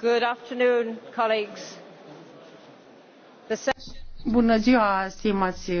Good afternoon, colleagues. The bună ziua stimați